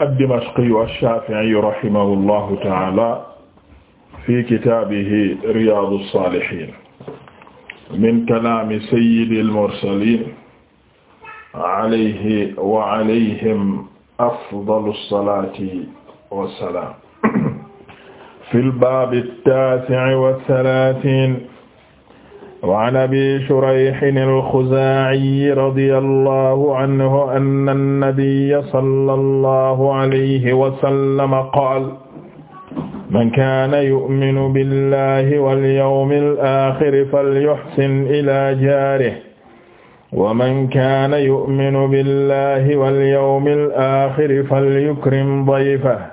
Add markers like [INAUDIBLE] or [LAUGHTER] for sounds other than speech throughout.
ad-Dimashqi ash-Shafi'i rahimahullahu ta'ala fi kitabihi Riyadou Salihine min kalami sayyidil mursalin alayhi wa alayhim afdalu salati wassalam fil babi at-tasi'i wa thalathin وعن أبي شريح الخزاعي رضي الله عنه أن النبي صلى الله عليه وسلم قال من كان يؤمن بالله واليوم الآخر فليحسن إلى جاره ومن كان يؤمن بالله واليوم الآخر فليكرم ضيفه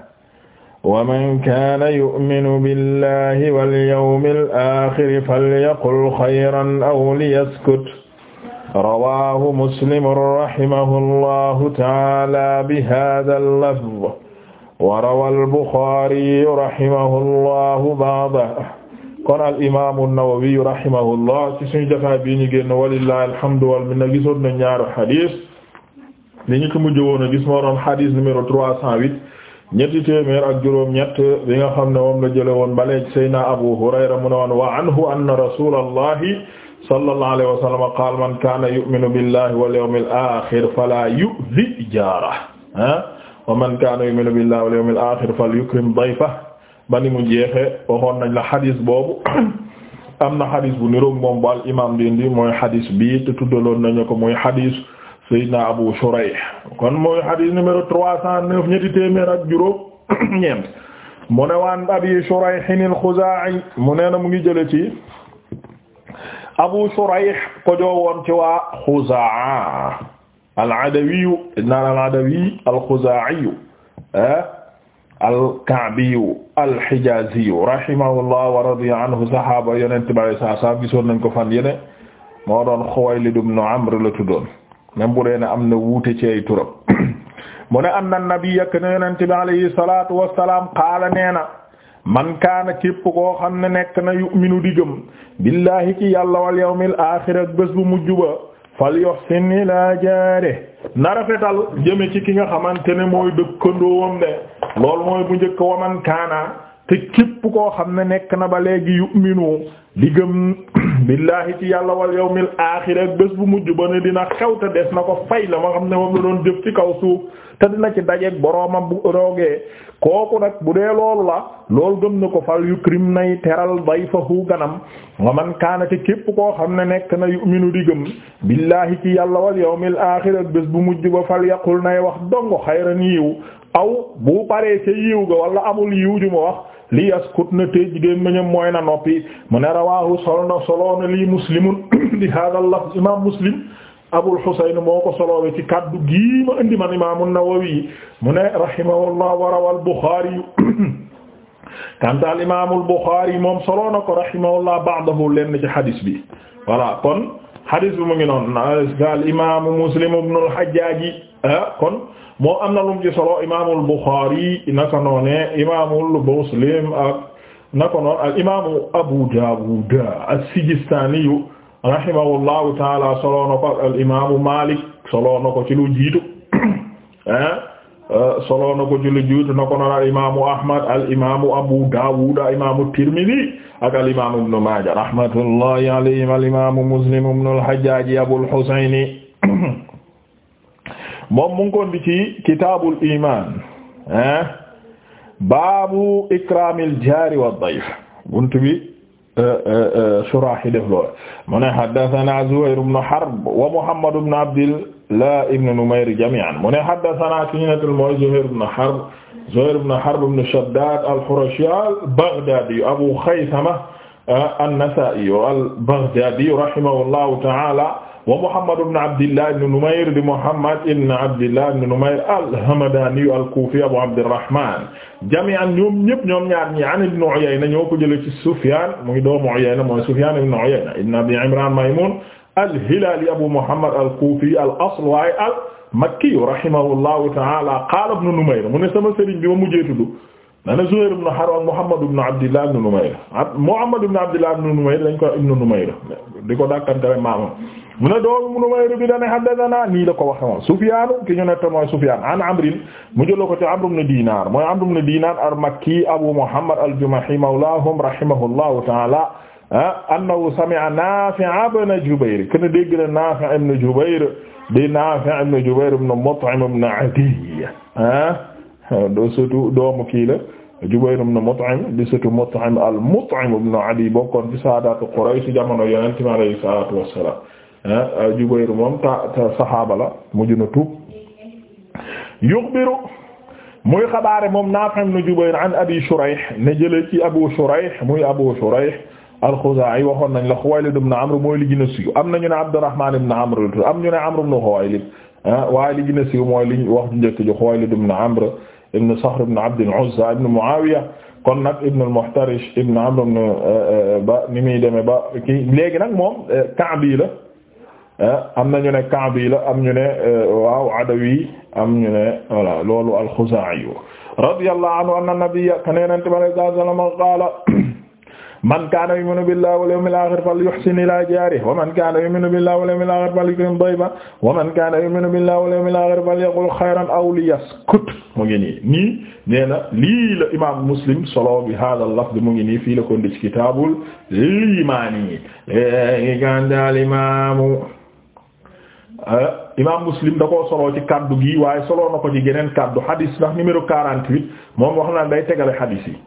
waman kaana yu'minu billahi wal yawmil aaxiri falyaqul xayran aw liyaskut rawaahu muslim rahimahullahu ta'aala bi haadhal lafz wa rawal buxaari rahimahullahu ba'dahu kon al imaamu nawawi rahimahullah ci suñu jataa bii ñu génn walillahi alhamdu wal minna gisoon na ñaari xadis li ñu ko mujj woon a gis moo doon xadis numéro 308 ñetti téeméer ak juróom ñett bi nga xam ne moom la jële woon baleej sayna Abu Hurayra mu ne woon wa anhu anna rasulallahi sallallahu alayhi wa sallam qaala man kaana yu'minu billahi wal yawmil aaxir falaa yu'zi jaarahu wa man kaana yu'minu billahi wal yawmil aaxir falyukrim dayfahu bani mu jeexe waxoon nañ la xadis boobu [COUGHS] am na xadis bu niroog moom bu al imaam di mooy xadis bii te tuddaloon nañu ko mooy xadis Seydina Abu Shurayh kon mooy hadith numéro trois cent neuf ñetti téeméer [COUGHS] Abi Shurayh al-Khuzaa'i na mu ngi jële ci Abu Shurayh ko joowoon ci waa Khuzaa al-Adawi naan al-Adawi al-Khuzaa'i eh, al-Ka'bi al-Hijazi gisoon nañ ko fan yene moo même bu am na wuute ci ay turam [CLEARS THROAT] mu ne anna nabiyya kana yonent bi alayhi salaatu wassalaam qaala nee na man kaana képp xam ne nekk na yu'minu di billaahi ci yàlla wal yawmil aaxir bés bu mujj ba fal yuhsin ilaa jaarihi na rafetal jëme ci ki nga xamante ne mooy dëkkandoowam de loolu mooy bu njëkk wa man te képp koo xam ne nekk na ba léegi yu'minu di gëm [CLEARS THROAT] billaahi ci yàlla wal yawmil aaxir ak bés bu mujj ba ne dina xew te des na ko fay la ma xam ne moom la doon jëf ci kaw suuf te dina ci dajeek boroomam bu roogee kooku nag bu dee lool la lool gëm na ko fal yukrim nay teral dayfahu ganam wa man kaana te képp koo xam ne nekk na yu'minu di gëm billaahi ci yàlla wal mil aaxir ak bés bu mujj ba fal yaqul nay wax dongo xayran yiw aw bu paree ca yiw amul yiw ju ma wax li yaskutna tey jigéen mañam mooy na noppi mu ne rawahu solna soloona lii muslimun hada [COUGHS] lafz imam muslim Abul Husayn moo ko soloowe ci kaddu gii ma indi Imam An-Nawawi mu ne rahimahullah wa rawal Bukhari [COUGHS] kanta Imam al-Bukhari moom soloo na ko rahimahullah ba'dahu lenn ci hadis bi voilà kon hadis bi mu al Imam Muslim ibn al-Hajjaj ah, kon moom am na lum ci solo imaamul Buxaari naka noone imaamul Muslim ak naka noon al imaamu Abu Daawud as-Sijistaaniyu rahimahullahu taala solo na ko al imaamu Maalik solo na ko ci lu jiitu euh, solo na ko ci lu jiitu naka noon al imaamu Ahmad al imaamu Abu Daawud al imaamu Tirmidi ak al imaamu Ibnu Maaja rahmatullahi alayhim al imaamu Muslim ibnul Hajjaaj Abul Husayni [COUGHS] moom mu ngi koon di ci kitaabul iman ah baabu ikraamil jaari wa dayf buntu bi eh, eh, eh, suraax yi def lool mu ne haddasanaa Zuhayr ibn Harb wa Muhammad ibn Abdillah ibn Numayr jamii'an mu ne haddasanaa ki ñu nettali mooy Zuhayr ibn Harb Zuhayr ibn Harb ibn Shaddaad al-Qurashi al-Baghdaadi Abu Khaythama an-Nasaa'i al-Baghdaadi rahimahullahu ta'aala wa Muhammad ibn Abdillah ibn Numayr di Muhammad ibn Abdillah ibn Numayr al-Hamadani al-Kufi Abu Abdirrahman jami'an ñoom ñëpp ñoom ñaar ñi an Ibn Uyayna ñoo ko jëlee ci Sufyan muy doomu Uyayna mooy Sufyan ibn Uyayna ibn Abi Imran Maymun al-Hilali Abu Muhammad al-Kufi al-asl waaye al-Makki rahimahullahu ta'ala qala ibn Numayr mu ne sama sëriñ bi ma mujjee tudd dana Zuhayr ibn Harb Muhammad ibn Abdillah ibn Numayr Muhammad ibn Abdillah ibn Numayr dañ ko ibn Numayr di ko dàkkantale maamam mu ne doomu Numayr bi dane haddathana nii la ko waxe moom Sufyaan ki ñu nette mooy Sufyaan an Amrin mu jëla ko ci Amr ibn Dinar mooy Amr ibn Dinar al-Makki Abu Muhammad al-Jumahi mawlaahum rahimahullahu ta'ala ah, annahu sami'a Naafi' ibn Jubayr kana dégg na Naafi' ibn Jubayr di Naafi' ibn Jubayr ibn Mut'im ibn Adiy ah. doo sëtu doomu kii la Jubayr ibn Mut'im di sëtu Mut'im al-Mut'im ibn Adi bokkoon ci saadaatu Quraysh jamono Yonent mi alayhi salaatu wassalaam ah, ah, Jubayr moom ta saxaaba la mujj na tuub yuxbiru muy xabaare moom Naafi' ibn Jubayr an Abi Shurayh ne jëlee ci Abu Shurayh muy Abu Shurayh al-Xuzaa'i waxoon nañ la Xuwaylid ibn Amr mooy li gën a nañu am na ñu ne Abdurrahmaan ibn am ñu ne Amr ibn Xuwaylid ah, waaye li gën a siiw mooy liñ wax njëkk ji Xuwaylid ibn Amr ibn Saxr ibn Abd al-Uzza ibn Muawiya kon nag ibn al-Muhtarish ibn Amr ibn eh, ba ni muy demee ba kii léegi nag moom eh, Ka'bi la eh, am na ñu ne Ka'bi la am ñu ne waaw Adawi am ñu ne voilà loolu al-Xuzaa'i radiyallahu anhu anna nabiyya man kaana yu'minu billahi wal yawmil akhir falyuhsin ila jaarihi wa man kaana yu'minu billahi wal yawmil akhir falyukrim dayfahu wa man kaana yu'minu billahi wal yawmil akhir falyaqul khayran aw liyaskut mu ngi nii nii nee na lii la imaam Muslim solo bi hada lafz mu ngi nii fii la ko ndi ci kitaabul liimaani léegi gàndaal imaamu ah, imaam Muslim da koo soloo ci kaddu gi waaye soloo na ko ci geneen kaddu hadis ndax numéro 48 moom wax na day tegale hadis yi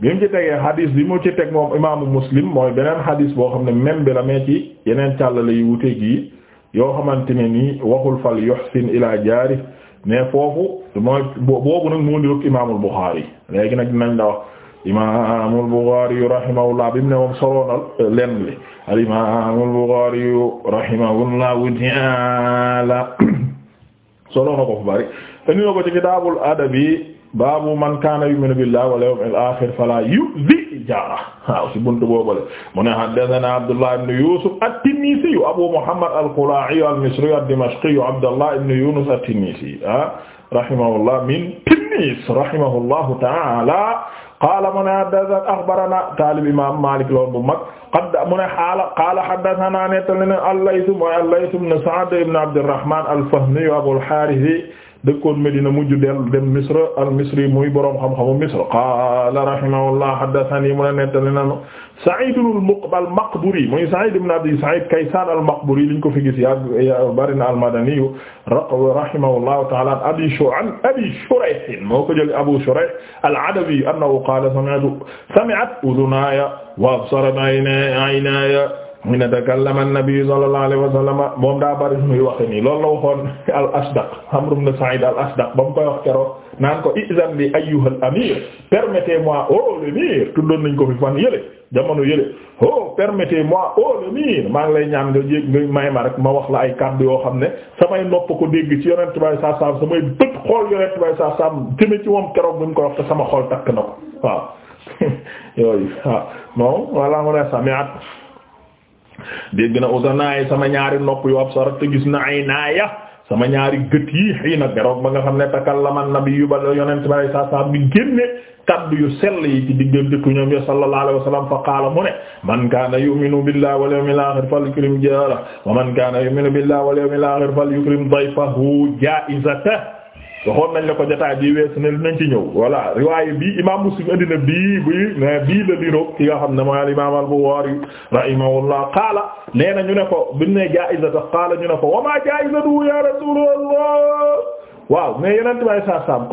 bi mu ci tegee hadis bi mu ci teg moom imaamu muslim mooy beneen hadis boo xam ne même bi la mee ci yeneen càllale yu wute gi yoo xamante ne nii waxul fal yuhsin ila jaari mais foofu mooy boobu nag moo niroog imaamul Buxaari léegi nag nañ la wax imaamul Buxaari rahimahullah bi mu ne moom soloonal euh, lenn li al imaamul Buxaari rahimahullahu ta'ala [COUGHS] soloona ko fu bari te niroo ko ci kitaabul adabi baabu man kaana yu'minu billahi wal yawmil akhir fala yu'zi jaara waaw si buntu boobale mu ne haddathana Abdullah ibn Yusuf at-Tinnisi Abu Muhammad al-Qula'i al-Misri ad-Dimashqi Abdullah ibn Yunus at-Tinnisi ah, rahimahullah min Tinnis rahimahullahu ta'ala qaala mu ne haddathana akhbarana taalib imaam Maalik lool bu mag qad mu ne xaala qaala haddathana nettali na al-Layth mooy al-Layth ibn Sa'd ibn Abd al-Rahman al-Fahmi Abu al-Harith dëkkoon Medina mujj dellu dem Misra al Misri muy borom xam-xamu Misra qaala rahimahullah haddathani mu ne nettali nanu Sa'id al Maqburi muy Sa'id ibn Abi Sa'id Kaysan al Maqburi liñ ko fi gis ya bari na al Madani rahimahullah ta'ala Abi Shu'an Abi Shurayh moo ko jël Abu Shurayh al Adawi annahu qaala sami'tu sami'at udhunaya wa absarat aynaya mu ne takallama an-nabi sallallahu alayhi wa sallam moom daa bari muy waxe nii loolu la waxoon [LAUGHS] al asdaq Amr ibn Sa'id al asdaq ba mu koy wax keroog naan ko izan li ayyuha al amir permettez-moi oh l'émir tuddoon nañ ko fi fan yële jamono yële oh permettez-moi oh l'émir maa ngi lay ñaan nga jég nga may ma rek ma wax la ay kàddu yoo xam ne samay nopp ko dégg ci yonent bay saa sam samay bët xool yonent bay saa sam jëme ci moom keroog bi mu koy wax te sama xool takk na ko waaw [LAUGHS] dégg na usanaay sama ñaari nopp yu absarat te gis na ay naaya sama ñaari gët yi xii na geroog ba nga xam ne takallama nabiyyu ba yonent bi saa saa bi génne kaddu yu sell yi ci diggante tuñam ya sallallahu alayhi wa sallam fa qaala mu ne man kaana yu'minu billahi wal yawmil akhir falyukrim jaarahu wa man kaana yu'minu billahi wal yawmil akhir falyukrim dayfahu jaa'izatahu waxoon nañ la ko jotaay bii weesu ne nañ ci ñëw voilà riwaaye bii imaam Muslim indi na bii bii mais bii la niroog ki nga xam ne mooy al imaam al-Bukhari rahimahullah qaala nee ñu ne ko biñ ne jaa'izata qaala ñu ne ko wa maa jaa'izatu ya rasuulallah waaw mais yeneen tubaab yi saa saam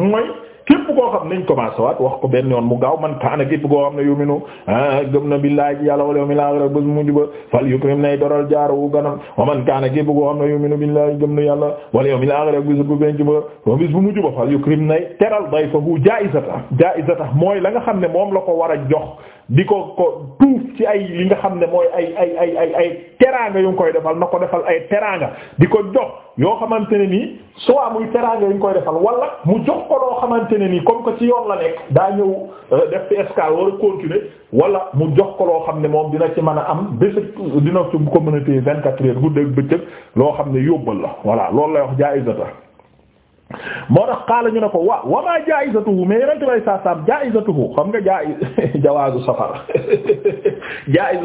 mooy. képp koo xam nañ commencé waat wax ko benn yoon mu gaaw man kaana képp koo xam ne yuminu ah, gëm na billahi ci yàlla wala yawmil aaxir bés mujj ba fal yukrim nay doral jaaru ganam wa man kaana képp koo xam ne yuminu billahi gëm na yàlla wala yawmil aaxir bés bu penc ba bés bu mujj ba fal yukrim nay teral dayfahu jaa'izata jaa'izata mooy la nga xam ne moom la ko war a jox di ko ko tuuf ci ay li nga xam ne mooy ay ay ay ay ay teraanga yu ngi koy defal na ko defal ay teraanga di ko jox yoo xamante ne nii soo amuy teraanga yu ngi koy defal wala mu jox ko loo xamante ne nii comme que ci yoon la nekk daa ñëw euh, def ci escale war a continuer wala mu jox ko loo xam ne moom dina ci mën a am bés dina ci communauté vingt-quatre heures guddeeg bëccëg loo xam ne yóbbal la voilà loolu lay wax jaayizata moo tax xaala ñu ne ko wa wa maa jaayizatuhu mais yeneen tubaab yi saa saam jaayizatuhu xam nga jaayiz [LAUGHS] jawaazu [LAUGHS]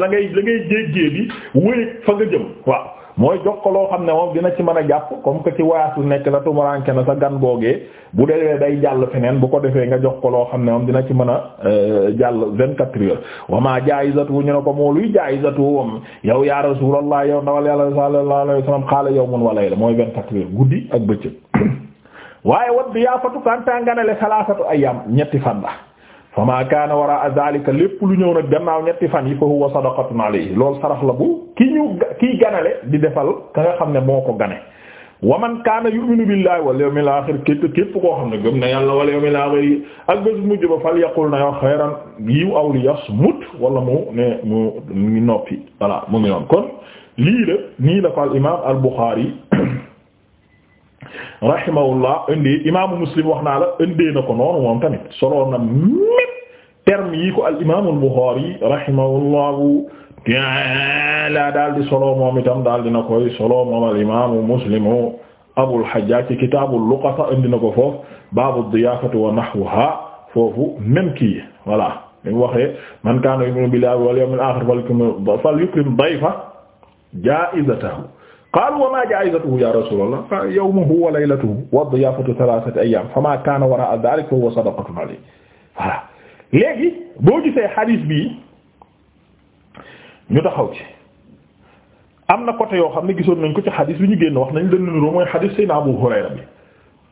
la ngay la ngay jéggee bi wéy fa nga jëm waaw mooy jox ko loo xam ne moom dina ci mën a jàpp comme que ci waasu nekk la tumuranke na sa gan googee bu dee day jàll feneen bu ko defee nga jox ko loo xam ne moom dina ci mën a euh, jàll vingt-quatre heures wa maa jaayizatuhu ñu ne ko moo luy jaayizatuhu yow yaa rasuulallah yow ndawal yàlla sallallahu alayhi wasallam xaala yawmun wa layla mooy vingt-quatre heures guddi ak bëccëg [COUGHS] waaye wat diyaafatu kanta nganale salaasatu ayyam ñetti fan la fa ma kaana waraa zalika lépp lu ñëw nag gannaaw ñetti fan yi fa huwa sadaqatun alayhi loolu sarax la bu ki ñu kiy ganale di defal ka nga xam ne moo ko gane wa man kaana yu'minu billahi wal yawmil aaxir képp képp koo xam ne gëm na yàlla wal yawmil aaxir yi ak bés mujj ba fal yaqul na yoo xayran yiw aw li yasmut wala mu ne mu ngi noppi voilà mu ngi noonu kon lii la nii la ko rahimahullah indi imaamu muslim wax naa la indee na ko noonu moom tamit solo na même terme yi ko al imaamul buxaari rahimahullahu ta'ala daal di solo moom itam daal di na koy solo moom al imaamu muslimu abul hajjaaj ci kitaabul luqata indi na ko foofu baabu diyaafati wa nahwaha foofu même kii voilà li mu waxee man kaana yu'minu billahi wal yawmil aaxir falyukrim dayfa jaa'izatahu qaalu wa maa jaa'izatuhu yaa rasuulallah fa yawmuhu wa laylatuhu wa diyaafatu thalathati ayyaam fa maa kaana waraa dhaalika fa huwa sadaqatun alayhi voilà léegi boo gisee xadiis bi ñu taxaw ci am na côté yoo xam ne gisoon nañ ko ci xadiis bi ñu génn wax nañ leen lu mooy xadiis Seydina Abu Hurayra bi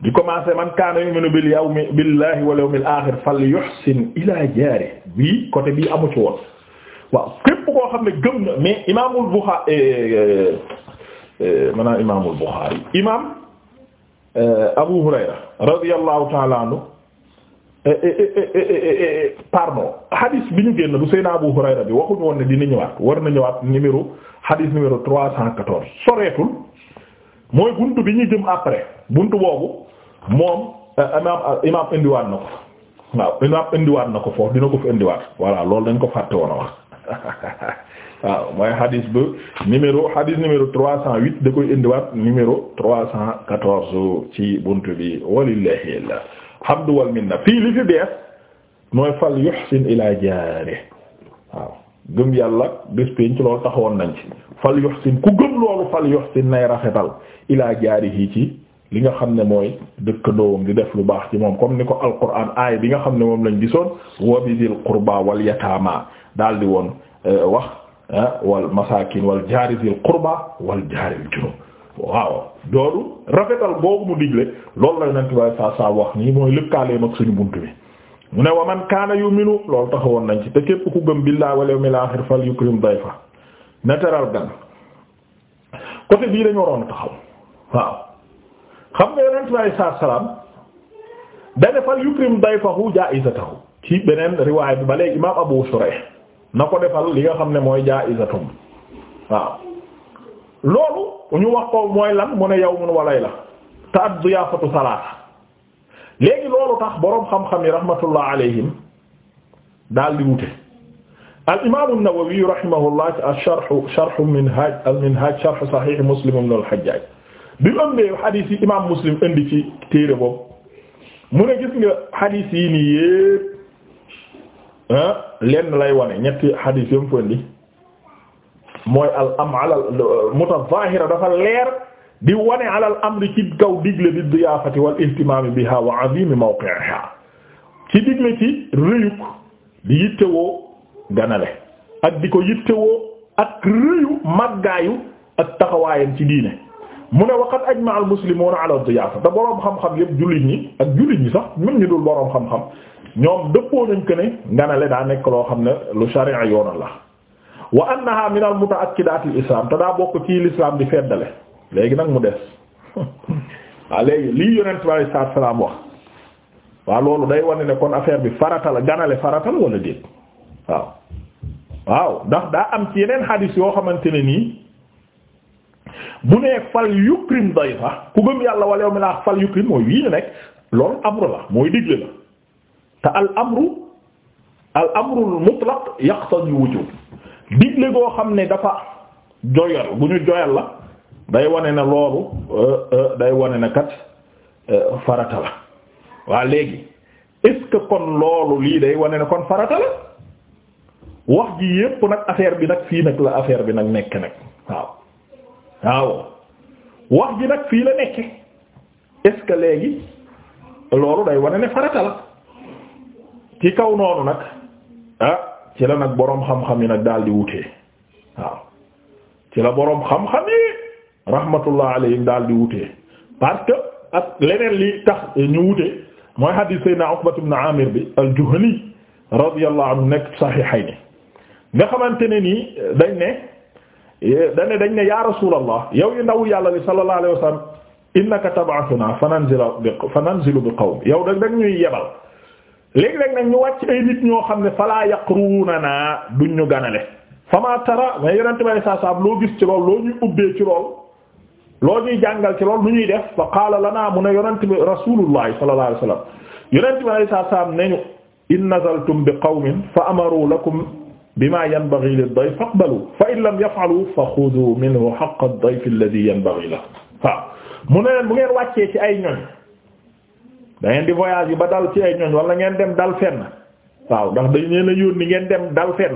di commencé man kaana yu'minu bil yawmi billahi wal yawmil aaxir falyuhsin ilaa jaarihi bii côté bii amu ci woon waaw képp koo xam ne gëm na mais Imaamul Buxaari eh, eh, eh, Euh, maanaam imaamul Buxaari imaam euh, Abu Hurayra radiyallahu ta'ala anhu eh, eh, eh, pardon hadith bi ñu génn bu Seydina Abu Hurayra bi waxuñu woon ni dina ñëwaat war na ñëwaat numéro hadith numéro trois cent quatorze soreetul mooy bunt bi ñu jëm après bunt boobu moom euh, imaam imaam indiwaat na ko waaw imaam indiwaat na ko foofu dina ko fi indiwaat voilà loolu dañ ko fàtte woon a wax [LAUGHS] waaw mooy hadis ba numéro hadis numéro 308 da koy indiwaat numéro 314 ci bunt bi walillahi alhamdu wal minna fii li fi bees mooy fal yuhsin ila jaare waaw gëm yàlla bés pénc loolu taxawoon nañ ci fal yuhsin ku gëm loolu fal yuhsin nay rafetal ila yi ci li nga xam ne mooy dëkkandoowam di def lu baax ci moom comme ni ko alquran aay bi nga xam ne moom lañ gisoon wa bizil qurba wal yataama daal di woon euh, wax wal masaakin wal jaari zil wal jaaril junub waaw loolu rafetal boobu mu digle loolu la yonent bi saa saa wax nii mooy lëkkaaleem ak suñu bunt bi mu ne wa man kaana yuminu loolu taxawoon nañ ci te képp ku gëm billaahi wal yawmil aaxir fal yukrim dayfa na teral gan côté bii dañu waroon a taxaw waaw xam nga yonent bi saa salaam dañ fal yukrim dayfahu jaa'izatahu ci beneen riwaay bi ba léegi imaam Abu Shurayh na ko defal li nga xam ne mooy jaa'izatum waaw loolu ñu wax ko mooy lan mu ne yawmun wa layla te at diyaafatu salaasa léegi loolu tax boroom xam-xam yi rahmatullah alayhim daal di wute al imaamu an-Nawawi rahimahullah ash-sharh sharh minhaj al-minhaj sharh sahih Muslim ibn al-Hajjaj bi mu ëmbee hadith Muslim indi ci téere boobu mu ne gis nga hadith yi nii Ah, lenn lay wane ñetti xadiis yam fëndi mooy al am alal mutazahira dafa leer di wone alal amri ci kaw digle bi diyaafati wal ihtimaami biha wa azimi mawqi'iha ci digle ci rëyuk di yittewoo ganale ak di ko yittewoo ak rëyu màggaayu ak taxawaayam ci diine mu ne waqat ajma al muslimuuna ala diyaafa te boroom xam-xam yépp jullit ñi ak jullit ñi sax même ñu dul boroom xam-xam ñoom dëppoo nañ ko ne nganale daa nekk loo xam ne lu sharia yoonal la wa annaha min al mutaakidatil islam te daa bokk ci l'islam di feddale léegi nag mu des [LAUGHS] waaw léegi lii yonent bi alayhi salaatu loolu day wane ne affaire bi farata la ganale wala déet ndax daa am ci yeneen yoo xamante ne nii bu nee fal yukrim dayfa ku gëm yàlla wala yow mi laa fal yukrim mooy wii ñu nekk loolu amru la mooy digle la te al amru al amrul mutlaq yaqtadi wujub digle goo xam ne dafa joyal bu ñu joyal la day wane na loolu euh, euh, day wane na kat euh, farata la waa léegi est-ce kon loolu lii day wane ne kon farata la wax ji yépp nag affaire bi nag fii nag la affaire bi nag nekk nag waaw waaw wax ji nag fii la nekk est léegi loolu day wane ne farata la ci kaw noonu nag ah ci la nag boroom xam-xam yi nag daal di wutee waaw ci la boroom xam-xam yi rahmatullah alayhim daal di wutee parce que ak leneen li tax ñu wute mooy hadith sayna Uqbat ibn Amir bi al-Juhani radiyallahu anhu nekk sahihayni nga xamante ne nii dañ ne dañ ne dañ ne ya rasulallah yow yu ndaw yàlla li sallallahu alayhi wasallam innaka tab'athuna fananzilu bi qawm yow da dañ ñuy yebal léegi-léeg nag ñu wàcc ay nit ñoo xam ne falaa yaqruuna naa duñ ñu ganale fama tara mais yonente bi alei saa loo gis ci lool loo ñuy ci lool loo ñuy jàngal ci lool nu ñuy def fa qaala lanaa mu ne yonente bi rasulullahi sallallahu alayhi wasallam yonente bi alei saa salaam nañu in nazaltum bi qawmin fa amaru lakum bima yanbaghi lid-dayf faqbalu fa in lam yaf'alu fa khudhu minhu haqqa ad-dayf alladhi yanbaghi lahu waaw mu ne leen bu ngeen wàccee ci ay da di voyage yi ba dal ci ay ñoñ wala ngeen dem dal fenn waaw ndax dañ leen a yónni ngeen dem dal fenn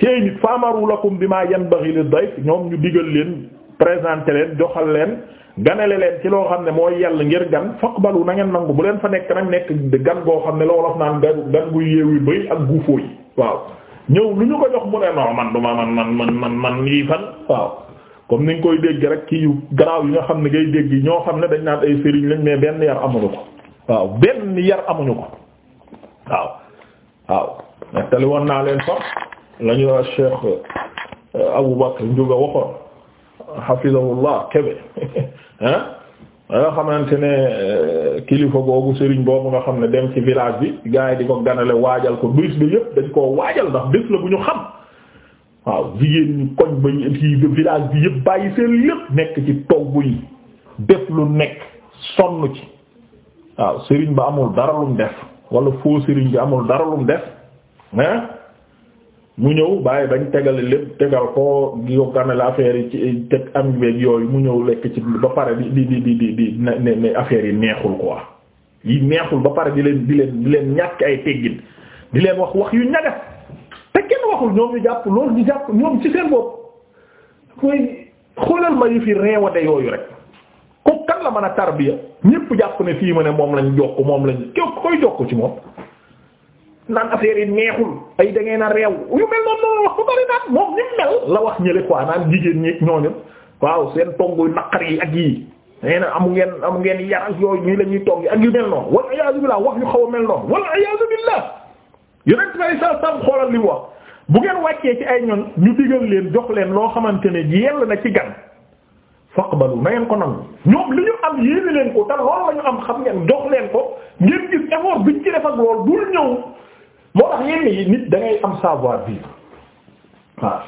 ci ay nit faamaru lakum bima yanbaghi lid-dayf ñoom ñu digal leen présente leen joxal leen ganale leen ci loo xam ne mooy yàlla ngir gan faqbalu na ngeen nangu bu leen fa nekk nag nekk gan goo xam ne la loolof naan gan guy yeewu bëy ak guufoo yi waaw ñëw lu ñu ko jox mu ne non man duma man man man man man yii fan waaw comme ni nga koy dégg rek ci yu garaaw nga xam ne ngay dégg ñoo xam ne dañ naan ay sëriñ lañ mais benn yar amul ko waaw benn yar amuñu ko waaw waaw nettali woon naa leen sax lañu Cheikh euh, Abu Bakr njuga waxoon hafizahullah kebe [LAUGHS] hein nga xamante ne euh, kilifa googu sëriñ boobu nga xam ne dem ci village bi gars yi di ko ganale waajal ko bis ba yëpp dañ koo waajal ndax bés la bu ñu xam waaw jigéen ñi koñ ba ci village bi yëpp bàyyi seen lépp nekk ci togg yi def lu nekk sonn ci waaw sëriñ ba amul dara lum def wala foo sëriñ bi amul dara lum def hein mu ñëw bàyyi dañ tegale lépp tegal ko gi ko ganale affaire yi ci teg am yooyu mu ñëw lekk ci ba pare di affaire yi neexul quoi yi neexul ba pare di leen di leen di ñàkk ay teggin di leen wax wax yu ñagas te kenn waxul ñoom ñu jàpp loolu ñu jàpp ñoom ci seen bopp mooy xoolal ma yu fi reewate yooyu rek. kan la mën a tarbiya ñépp jàpp ne fii ma ne moom lañ jokk moom lañ jokk koy jokk ci moom naan affaire yi neexul ay da ngeen a réew yu mel noonu noonu wax ko bari naan moom ñu mel la wax ñële quoi naan yi ak yii nee na amu ngeen amu ngeen yar ak yooyu ñii la ñuy togg ak yu mel noonu wal iyaazu billah wax yu xaw a mel noonu wal iyaazu billah yonent bi sa sam xoolal li wax bu ngeen wàccee ci ay ñoon ñu digal leen jox leen loo xamante ne yell na ci gan faqbalu na ngeen ko nangu ñoom li ñu am yéene leen ko te loolu la ñu am xam ngeen jox leen ko ngeen gis effort biñ ci def ak lool bul ñëw moo tax yenn yi nit da am savoir vivre waaw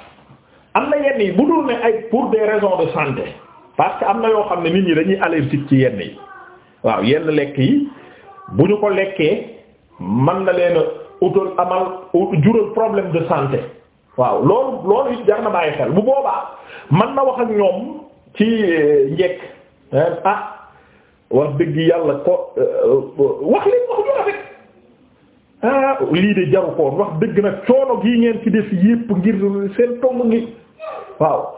am na yenn yi bu dul ne ay pour des raisons de santé parce que am na yoo xam ne nit ñi dañuy allergique ci yenn yi waaw yenn lekk yi bu ñu ko lekkee man na leen utal amal jural problème de santé waaw loolu loolu it jar na bàyyi xel bu boobaa man na wax ak ñoom. ci euh, njekk ah wax dëgg yàlla ko euh, wax leen wax ñu rafet ah lii de jaru koon wax dëgg nag coono gii ngeen ci def yépp ngir seen tom ngi waaw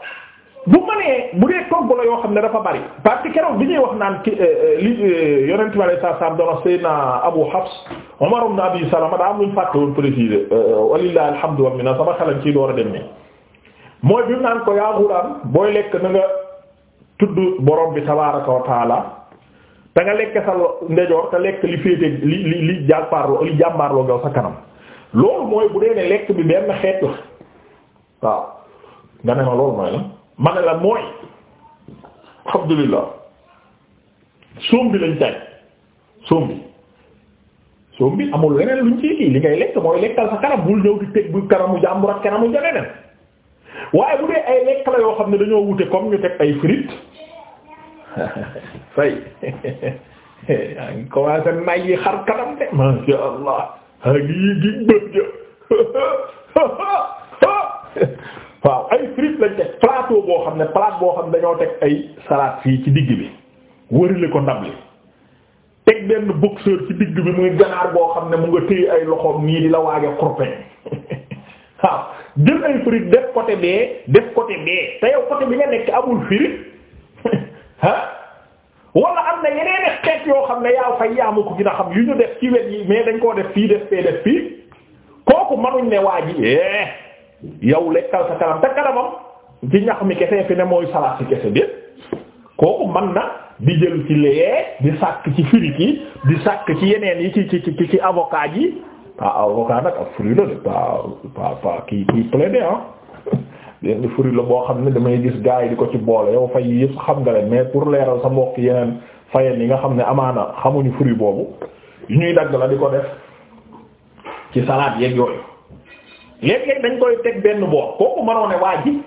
bu manee bu dee togg la yoo xam ne dafa bari parce que keroog bi ñuy wax naan ki euh, li yonent bale saa saam doon Seydina Abu Hafs Umar ibn Abi Salama daa am luñ fàtte woon préciser walillahi alhamdu wal minna sama xelam ci door a dem nii mooy bi naan ko yaa ghulam booy lekk na tudd boroom bi tabaaraka wa taala te nga lekk sa ndejoor te lekk li féete li li li jàmbaarloo li jàmbaarloo gaw sa kanam loolu mooy bu dee ne lekk bi benn xeet la waaw nga ne ma loolu mooy la ma la mooy alhamdulillah soom bi lañ tay soom bi soom bi amul leneen luñ ci kii li ngay lekk mooy lekkal sa kanam bul ñëw di teg bu kanamu jàmbur ak kanamu janeneen waaye bu dee ay lekk la yoo xam ne dañoo wute comme ñu teg ay frites fay yaa ngi commencé nay yi xar kanam de masha allah ngi gi bët ja waaw ay frites lañ teg plateau boo xam ne plate boo xam ne dañoo teg ay salade fii ci digg bi wërale ko ndab li teg benn boxeur ci digg bi muy ganaar boo xam ne mu nga téye ay loxoom nii di la waaje kurpeñ jël ay furit def côté bee def côté bee te yow côté bi nga nekk amul furit ah [LAUGHS] wala am na yeneen xeet yoo xam ne yaa fay yaamu ko gën a xam yu ñu def ci wet yi mais dañ koo def fii def fee def fii kooku manuñ ne waa ji eh yow lekkal sa kanam te kanamam ci ñax ne mooy salaat ci kese déet man na di jël ci lee di sàkk ci furit yi di sàkk ci yeneen yi ci ci ci ci yi. pas avocat nag ak fruit la de pas pas pas kii kii plaider ah benn fruit la boo xam ne damay gis gaa yi di ko ci boole yow fay yëpp xam nga leen mais pour leeral sa mbokk yeneen fayeen yi nga xam ne amaana xamuñu fruit boobu yu ñuy dagg la di ko def ci salade yeeg yooyu léeg-léeg dañ koy teg benn boor kooku mënoo ne waa ji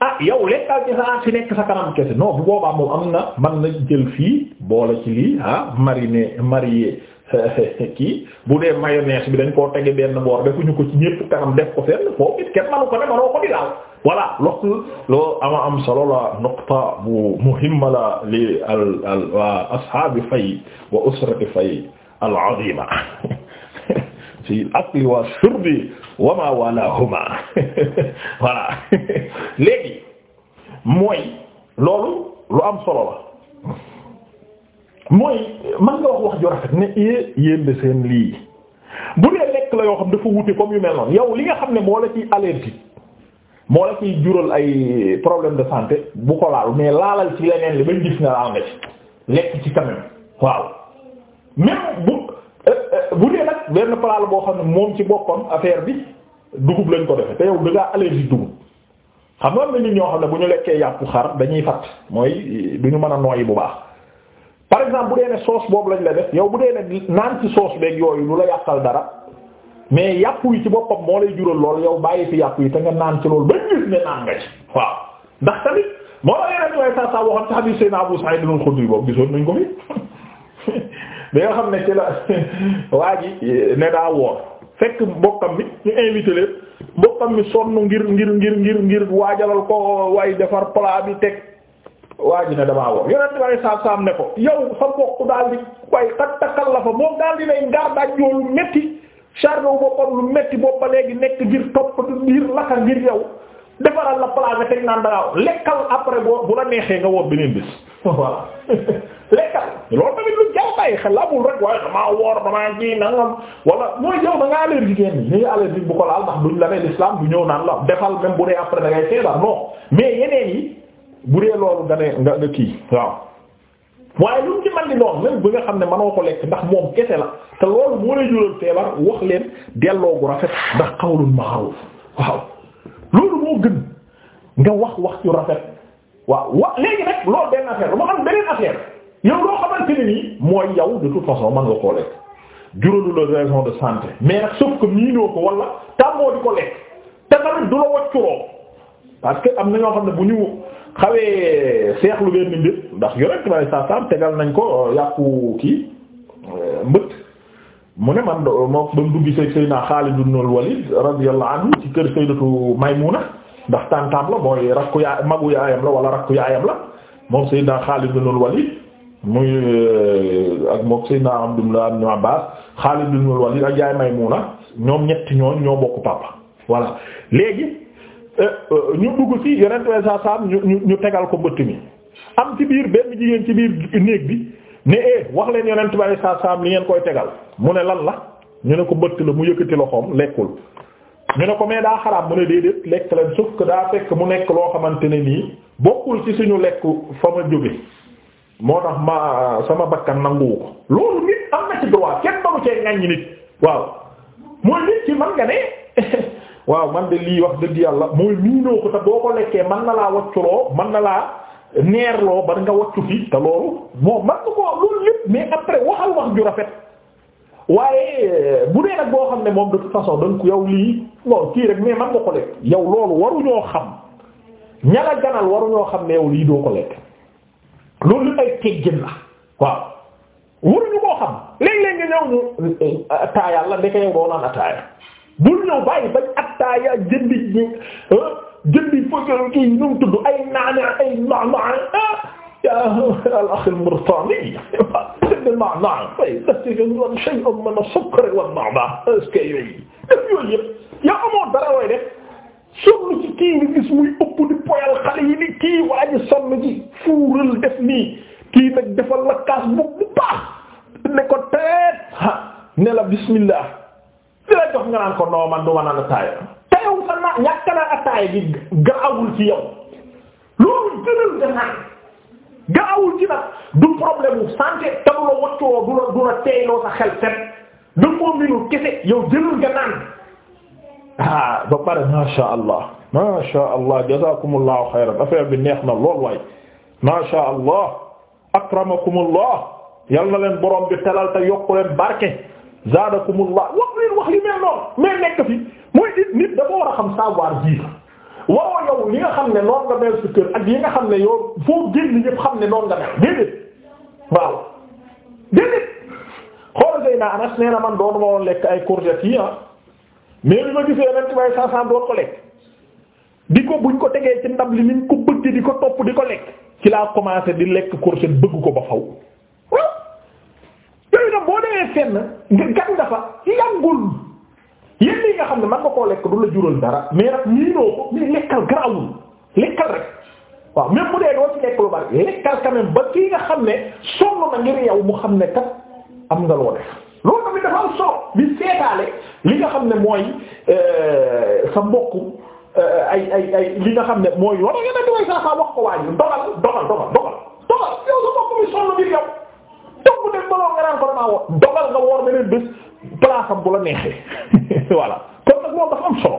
ah yow lekkal ci salade fi nekk sa kanam kese non bu boobaa moom am na mën na jël fii boole ci lii ah mariner marier [LAUGHS] kii bu dee mayonnaise bi dañ koo tege benn boor defuñu ko ci ñépp kanam def ko fenn foofu it kenn manu ko ne manoo ko di daal voilà loxtu loo ama am solo la nuqta bu muhimma la li al al wa ashaabi fay wa usrati fay al azima [LAUGHS] fi akli wa shurbi wa ma walahuma [LAUGHS] voilà léegi mooy loolu lu am solo la mooy man nga wax wax ju rafet ne é eh, yéen de seen lii bu dee lekk la yoo xam dafa wute comme yu mel noonu yow li nga xam ne moo la ciy allergique moo la ciy jural ay problème de santé bu ko laal mais laalal ci leneen li bañ gis ne laal nga ci lekk ci quand waaw même bu euh, euh, bu dee nag benn plat boo xam ne moom ci boppam affaire bi dugub lañ ko defe te yow da ngaa dugub xam nga am na nit ñoo xam ne bu ñu lekkee yàpp xar dañuy fatt mooy du ñu mën a nooyi bu par exemple bu dee ne sauce boobu lañ la def yow bu dee ne naan ci sauce beeg yooyu lu la yàqal dara mais yàpp yi ci boppam moo lay jural lool yow bàyyi fi yàpp yi te nga naan ci loolu ba gis ne naan nga ci waaw ndax tamit moo la yeneen way sa sa waxoon ci hadith boobu gisoon nañ ko fi [LAUGHS] xam ne ci la [LAUGHS] waa ji ne daa woor fekk mbokkam mi ñu invité leen ngir ngir ngir ngir ngir waajalal ko waaye defar plat bi teg waa ji ne damaa woor yonent bi saa ko yow sa mbokk daal di way xat la fa moom daal di lay ngaar daaj yow lu metti charge wu boppam ba léegi nekk ngir topp ngir laka ngir yow la place nga teg naan dangaa woor lekkal boo bu la nga woor beneen bés [LAUGHS] voilà lekkal loolu tamit lu jaw bàyyi xel amul rek waaye damaa woor damaa ji nangam wala mooy yow da nga allergique kenn ni ñuy allergique bu ko laal ndax duñ la ne l'islam du ñëw naan la defal même bu dee après da ngay feebar mais yeneen yi bu dee loolu nga ne nga nga kii waaw waaye lu mu ci man di noonu même bi nga xam ne manoo ko lekk ndax moom kese la te loolu moo lay jural feebar wax leen delloo gu rafet ndax qawlul ma'ruf waaw loolu moo gën nga wax wax yu rafet waaw wa léegi nag loolu benn affaire moo xam beneen affaire yow loo xamante ne nii mooy yow de toute façon man nga koo lekk juralu la raison de santé mais nag sauf que miinoo ko wala tàmmoo di ko lekk te tamit du la wàccuroo parce que am na ñoo xam ne bu ñu xawee seexlu benn mbir ndax yore tubaab saa saam tegal nañ ko euh, yàqu kii euh, mbët mu ne man moo ba mu dugg say Seydina Xaalid ibn Walid radiyallahu anhu ci kër Sayyidatu Maymuna ndax tàntaam la mooy rakku yaayam la wala rakku yaayam la moom Seydina Xaalid ibn Walid muy euh, ak moom Seydina Abdullah ibn Abbas Xaalid ibn Walid ak yaay Maymuna ñoom ñetti ñooñ ñoo bokk papa voilà léegi. Euh, euh, ñu dugg ci yeneen tooy saa saam ñu ñu tegal ko mbëtt mi am ci biir benn jigéen ci biir néeg bi ne eh wax leen yeneen tooy saa saam li ngeen koy tegal mu ne lan la ñu ne ko mbëtt la mu yëkkati loxoom lekkul. ñu ne ko mais daa xaraam mu ne déedéet lekk leen sauf que daa fekk mu nekk loo xamante ne nii bokkul ci suñu lekk fa ma jóge moo tax ma sama bakkan nanguwu ko loolu nit am na ci droit kenn ba mu cee ŋaññi nit waaw mooy nit ci nga ne. waaw man de lii wax dëgg yàlla mooy miinoo ko te boo ko lekkee man na laa wacculoo man na laa neerloo ba nga waccu fi te loolu moo mën nga koo loolu lépp mais après waxal wax ju rafet waaye bu dee nag boo xam ne moom de toute façon da nga ko yow lii non kii rek mais man nga ko lekk yow loolu waruñoo xam ñala waruñoo xam ne yow lii doo ko lekk loolu lu ay teggin la waaw waruñu koo xam léeg-léeg nga ñëw ñu eh, eh, taayal la ndeke yow doo naan ataaya bul ñëw bàyyi bañ attaaya jëndi ah, jëndi fëgal kii nu mu tudd ay naane ay maanaan ah yaa al akh al murtani jënd maanaan ay dafa shay'un min as-sukr wal maanaan est kii nga gis muy ëpp di poyal xale yi ni kii waa ji sonn ci fuural def nii kii nag la kaas bu bu baax ko teet ha ne la bismillah di la jox nga naan man du ma naan ataaya te yow sa naa ñàkk gi gaawul ci yow loolu gënal nga naan gaawul ci du problème wu santé tamu la waccoo du la du la teeyloo xel set da moom minu kese yow jëlal nga naan ah ba pare masha allah masha allah jazakumullahu xayran affaire bi neex na lool waay masha allah akramakumullah yal na leen borom bi talal te barke zaadakumullah wax leen wax li mel noonu mais nekk fi mooy nit nit dafa war a xam savoir vivre waroo yow li nga xam ne noonu nga mel sa kër ak yi nga xam ne yow foo génn ñëpp xam ne noonu nga mel déedéet waaw déedéet xool Seyna Anas nee na man doonu ma woon lekk ay courgettes yi ah mais li ma gisee rek tubaab saa saa doon ko lekk di ko buñ ko tegee ci ndab li niñ ko bëgg di ko topp di ko lekk ci laa commencé di lekk courgette bëgg ko ba faw demee fenn nga gan nga fa yàggul yéen lii nga xam ne man nga koo lekk du la jural dara mais nag rek waaw même bu dee doo lekk lu bari lekkal quand ba kii nga xam ne sonn na ngir yow mu xam ne kat am nga loo loolu nga xam ne mooy euh, sa euh, ay ay ay li nga xam ne mooy war a ne di way saa saa wax ko waaye dogal dogal dogal dogal dogal yow sa mbokk mi sonn ngir yow togg dem baloo nga naan ko damaa woor dogal nga woor beneen bés place am bu la neexee [LAUGHS] voilà kon nag moom dafa am solo